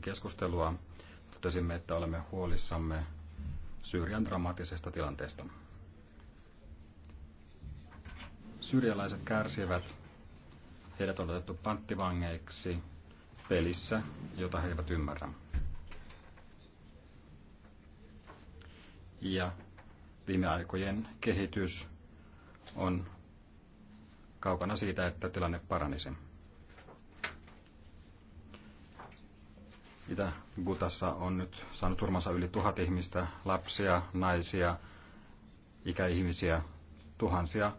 keskustelua, totesimme, että olemme huolissamme Syyrian dramaattisesta tilanteesta. Syyrialaiset kärsivät, heidät on otettu panttivangeiksi pelissä, jota he eivät ymmärrä. Ja viime aikojen kehitys on kaukana siitä, että tilanne paranisi. Itä-Gutassa on nyt saanut surmansa yli tuhat ihmistä, lapsia, naisia, ikäihmisiä, tuhansia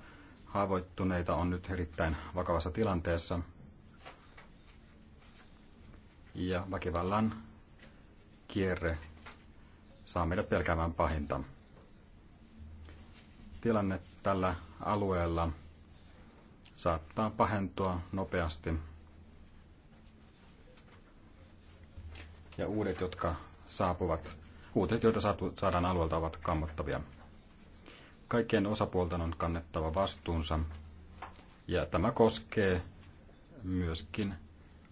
haavoittuneita on nyt erittäin vakavassa tilanteessa. Ja väkivallan kierre saa meidät pelkäämään pahinta. Tilanne tällä alueella saattaa pahentua nopeasti ja uudet, jotka saapuvat, uudet, joita saadaan alueelta, ovat kammottavia. Kaikkien osapuolten on kannettava vastuunsa, ja tämä koskee myöskin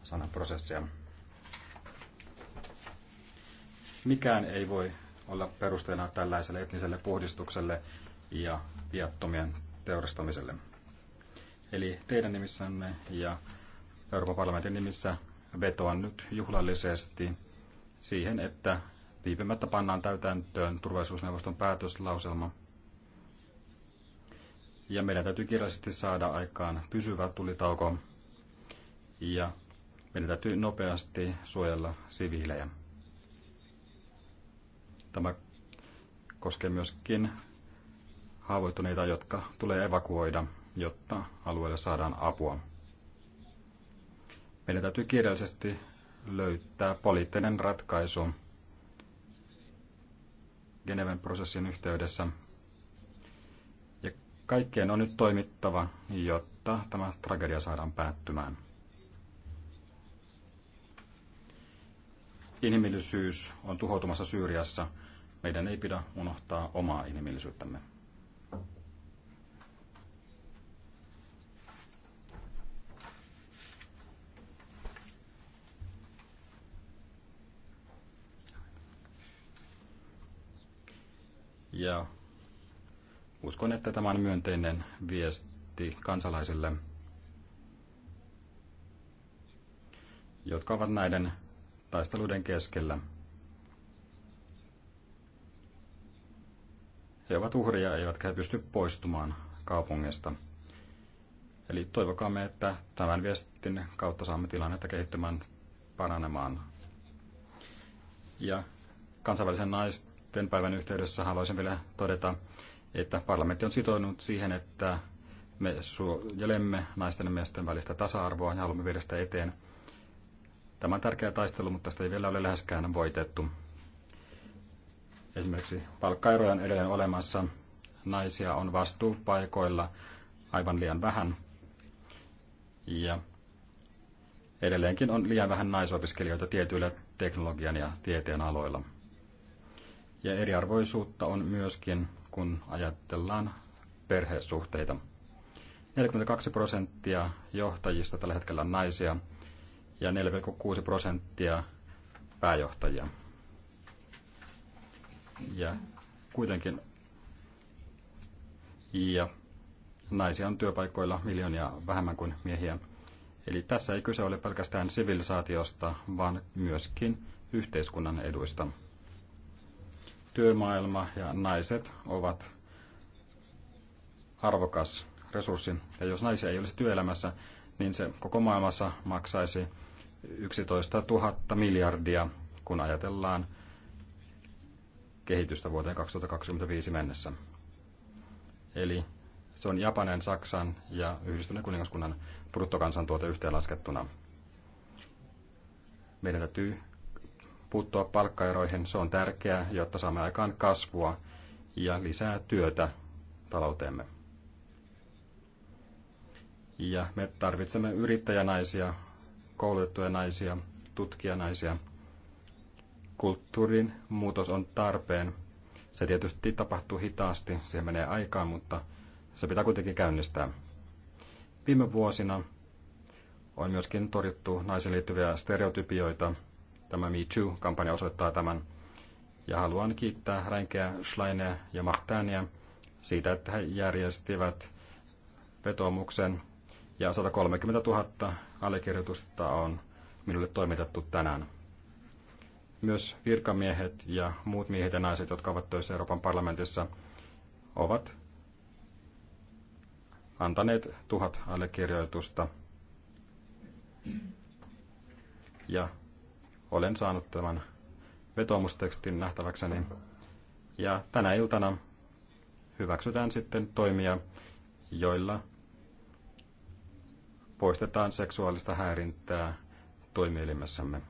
sanaprosessia. Mikään ei voi olla perusteena tällaiselle etniselle puhdistukselle ja viattomien teurastamiselle. Eli teidän nimissänne ja Euroopan parlamentin nimissä vetoan nyt juhlallisesti siihen, että viipymättä pannaan täytäntöön turvallisuusneuvoston päätöslauselma. Ja meidän täytyy kirjallisesti saada aikaan pysyvä tulitauko ja meidän täytyy nopeasti suojella siviilejä. Tämä koskee myöskin haavoittuneita, jotka tulee evakuoida, jotta alueelle saadaan apua. Meidän täytyy kirjallisesti löytää poliittinen ratkaisu Geneven prosessin yhteydessä. Ja kaikkien on nyt toimittava, jotta tämä tragedia saadaan päättymään. Inhimillisyys on tuhoutumassa Syyriassa. Meidän ei pidä unohtaa omaa inhimillisyyttämme. Ja uskon, että tämä on myönteinen viesti kansalaisille, jotka ovat näiden taisteluiden keskellä. He ovat uhria, eivätkä he pysty poistumaan kaupungista. Eli toivokaamme, että tämän viestin kautta saamme tilannetta kehittymään paranemaan. Ja kansainvälisen naisten tämän päivän yhteydessä haluaisin vielä todeta, että parlamentti on sitoutunut siihen, että me suojelemme naisten ja miesten välistä tasa-arvoa ja haluamme viedä sitä eteen. Tämä on tärkeä taistelu, mutta tästä ei vielä ole läheskään voitettu. Esimerkiksi palkkaeroja on edelleen olemassa. Naisia on vastuupaikoilla aivan liian vähän. Ja edelleenkin on liian vähän naisopiskelijoita tietyillä teknologian ja tieteen aloilla. Ja eriarvoisuutta on myöskin, kun ajatellaan perhesuhteita. 42 prosenttia johtajista tällä hetkellä on naisia ja 4,6 prosenttia pääjohtajia. Ja kuitenkin ja naisia on työpaikoilla miljoonia vähemmän kuin miehiä. Eli tässä ei kyse ole pelkästään sivilisaatiosta, vaan myöskin yhteiskunnan eduista työmaailma ja naiset ovat arvokas resurssi. Ja jos naisia ei olisi työelämässä, niin se koko maailmassa maksaisi 11 000 miljardia, kun ajatellaan kehitystä vuoteen 2025 mennessä. Eli se on Japanin, Saksan ja Yhdistyneen kuningaskunnan bruttokansantuote yhteenlaskettuna. Meidän täytyy puuttua palkkaeroihin. Se on tärkeää, jotta saamme aikaan kasvua ja lisää työtä talouteemme. Ja me tarvitsemme yrittäjänaisia, koulutettuja naisia, tutkijanaisia. Kulttuurin muutos on tarpeen. Se tietysti tapahtuu hitaasti, siihen menee aikaa, mutta se pitää kuitenkin käynnistää. Viime vuosina on myöskin torjuttu naisiin liittyviä stereotypioita – Tämä Me Too-kampanja osoittaa tämän. Ja haluan kiittää Ränkeä, Schleinia ja Mahtania siitä, että he järjestivät vetomuksen. Ja 130 000 allekirjoitusta on minulle toimitettu tänään. Myös virkamiehet ja muut miehet ja naiset, jotka ovat töissä Euroopan parlamentissa, ovat antaneet tuhat allekirjoitusta. Ja olen saanut tämän vetoomustekstin nähtäväkseni. Ja tänä iltana hyväksytään sitten toimia, joilla poistetaan seksuaalista häirintää toimielimessämme.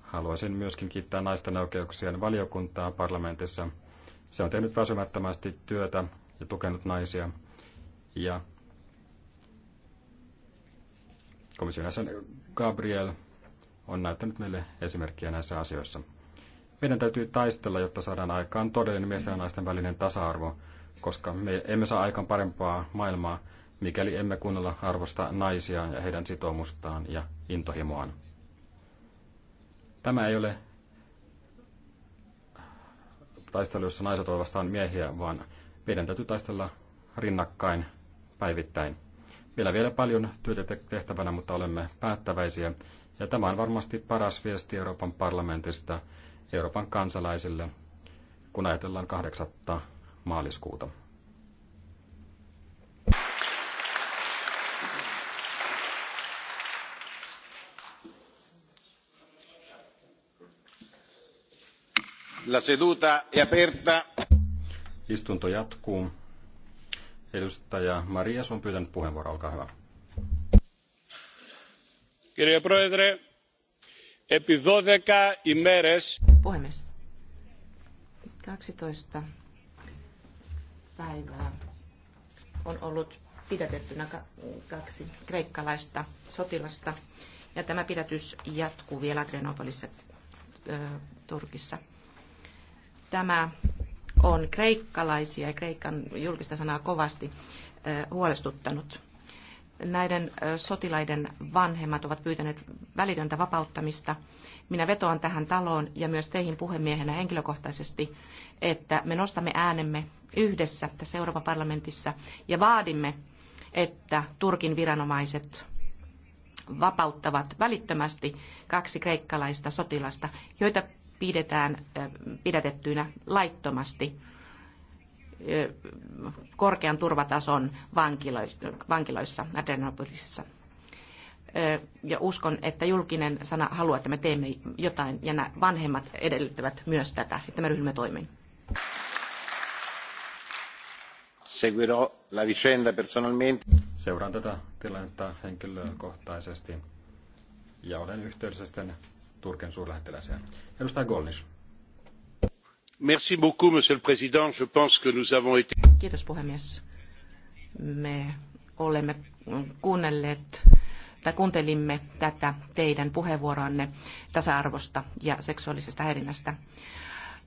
Haluaisin myöskin kiittää naisten oikeuksien valiokuntaa parlamentissa. Se on tehnyt väsymättömästi työtä ja tukenut naisia. Ja Komission jäsen Gabriel on näyttänyt meille esimerkkiä näissä asioissa. Meidän täytyy taistella, jotta saadaan aikaan todellinen mies ja naisten välinen tasa-arvo, koska me emme saa aikaan parempaa maailmaa, mikäli emme kunnolla arvosta naisia ja heidän sitoumustaan ja intohimoaan. Tämä ei ole taistelu, jossa naiset ovat vastaan miehiä, vaan meidän täytyy taistella rinnakkain päivittäin. Meillä vielä paljon työtä tehtävänä, mutta olemme päättäväisiä. Ja tämä on varmasti paras viesti Euroopan parlamentista Euroopan kansalaisille, kun ajatellaan 8. maaliskuuta. La seduta è aperta. Istunto jatkuu. Edustaja Marias on pyytänyt puheenvuoro, olkaa hyvä. Kirja Proedre, epi 12 imeres. Puhemies. 12 päivää on ollut pidätettynä kaksi kreikkalaista sotilasta. Ja tämä pidätys jatkuu vielä Grenoblissa, Turkissa. Tämä on kreikkalaisia ja Kreikan julkista sanaa kovasti huolestuttanut. Näiden sotilaiden vanhemmat ovat pyytäneet välitöntä vapauttamista. Minä vetoan tähän taloon ja myös teihin puhemiehenä henkilökohtaisesti, että me nostamme äänemme yhdessä tässä Euroopan parlamentissa ja vaadimme, että Turkin viranomaiset vapauttavat välittömästi kaksi kreikkalaista sotilasta, joita pidetään pidätettyinä laittomasti korkean turvatason vankiloissa Adrenopolisissa. Ja uskon, että julkinen sana haluaa, että me teemme jotain, ja nämä vanhemmat edellyttävät myös tätä, että me ryhdymme toimiin. Seuraan tätä tilannetta henkilökohtaisesti ja olen yhteydessä sitten Turkin suurlähettiläseen. Edustaja Golnish. Merci beaucoup, monsieur le président. Je pense que nous avons été... Kiitos puhemies. Me olemme kuunnelleet tai kuuntelimme tätä teidän puheenvuoroanne tasa-arvosta ja seksuaalisesta häirinnästä.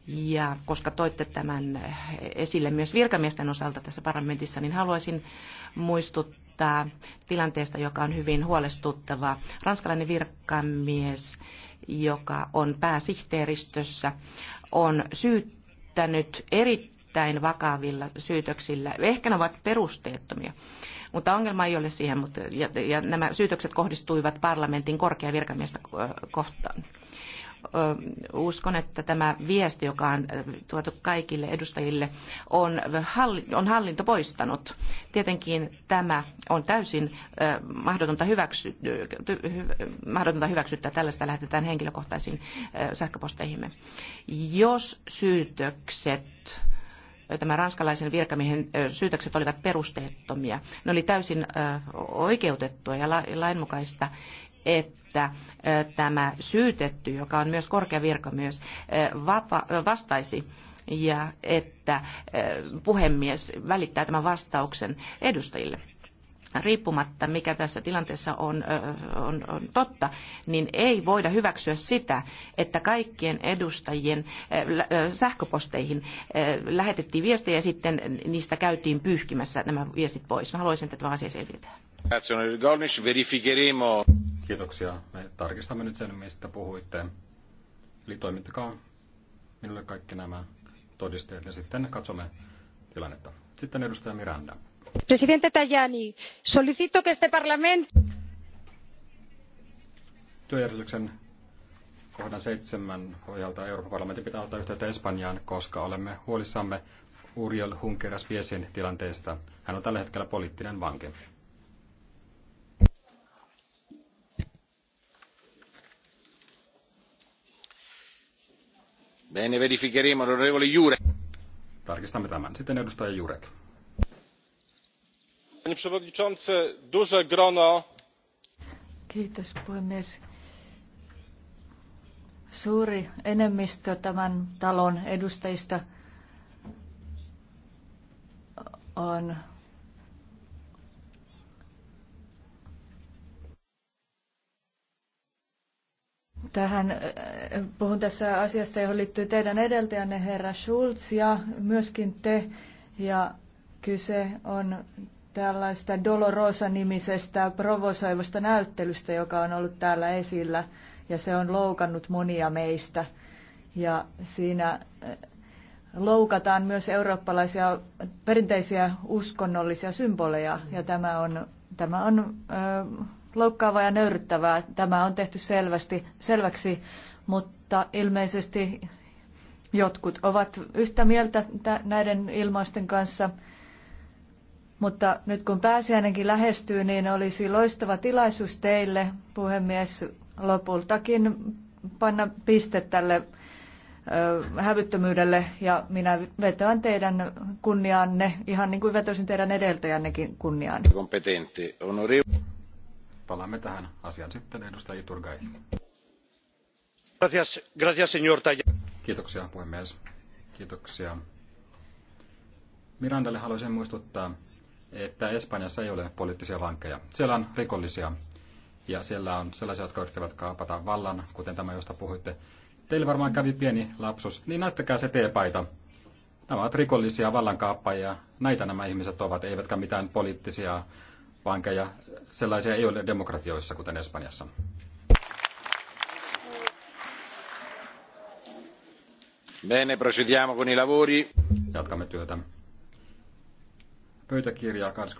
Ja koska toitte tämän esille myös virkamiesten osalta tässä parlamentissa, niin haluaisin muistuttaa tilanteesta, joka on hyvin huolestuttava. Ranskalainen virkamies joka on pääsihteeristössä, on syyttänyt erittäin vakavilla syytöksillä. Ehkä ne ovat perusteettomia, mutta ongelma ei ole siihen. Mutta, ja, ja nämä syytökset kohdistuivat parlamentin korkea virkamiestä kohtaan uskon, että tämä viesti, joka on tuotu kaikille edustajille, on, on hallinto poistanut. Tietenkin tämä on täysin mahdotonta, hyväksy, mahdotonta hyväksyttää. Tällaista lähetetään henkilökohtaisiin sähköposteihimme. Jos syytökset tämän ranskalaisen virkamiehen syytökset olivat perusteettomia. Ne oli täysin oikeutettua ja lainmukaista että tämä syytetty, joka on myös korkea virkamies, vastaisi ja että puhemies välittää tämän vastauksen edustajille riippumatta mikä tässä tilanteessa on, on, on, totta, niin ei voida hyväksyä sitä, että kaikkien edustajien sähköposteihin lähetettiin viestejä ja sitten niistä käytiin pyyhkimässä nämä viestit pois. Mä haluaisin, että tämä asia selvitetään. Kiitoksia. Me tarkistamme nyt sen, mistä puhuitte. Eli toimittakaa minulle kaikki nämä todisteet ja sitten katsomme tilannetta. Sitten edustaja Miranda. Presidente Tajani, solicito que este parlamento... Työjärjestyksen kohdan seitsemän pohjalta Euroopan parlamentti pitää ottaa yhteyttä Espanjaan, koska olemme huolissamme Uriel Junqueras Viesin tilanteesta. Hän on tällä hetkellä poliittinen vanki. Bene, verificheremo l'onorevole Jurek. Tarkistamme tämän. Sitten edustaja Jurek. Panie przewodniczący, duże grono. Kiitos puhemies. Suuri enemmistö tämän talon edustajista on tähän, äh, puhun tässä asiasta, johon liittyy teidän edeltäjänne herra Schulz ja myöskin te. Ja kyse on tällaista Dolorosa-nimisestä provosoivasta näyttelystä, joka on ollut täällä esillä ja se on loukannut monia meistä. Ja siinä äh, loukataan myös eurooppalaisia perinteisiä uskonnollisia symboleja ja tämä on, tämä on äh, loukkaavaa ja nöyryttävää. Tämä on tehty selvästi, selväksi, mutta ilmeisesti jotkut ovat yhtä mieltä näiden ilmausten kanssa. Mutta nyt kun pääsiäinenkin lähestyy, niin olisi loistava tilaisuus teille, puhemies, lopultakin panna piste tälle hävyttömyydelle ja minä vetoan teidän kunniaanne, ihan niin kuin vetosin teidän edeltäjännekin kunniaan. Palaamme tähän asiaan sitten edustaja Iturgai. Gracias, gracias, señor Kiitoksia puhemies. Kiitoksia. Mirandalle haluaisin muistuttaa, että Espanjassa ei ole poliittisia vankeja. Siellä on rikollisia ja siellä on sellaisia, jotka yrittävät kaapata vallan, kuten tämä, josta puhuitte. Teille varmaan kävi pieni lapsus, niin näyttäkää se teepaita. Nämä ovat rikollisia vallankaappaajia. Näitä nämä ihmiset ovat, eivätkä mitään poliittisia vankeja. Sellaisia ei ole demokratioissa, kuten Espanjassa. Bene, procediamo con i lavori. Jatkamme työtä. Pöytäkirjaa 20.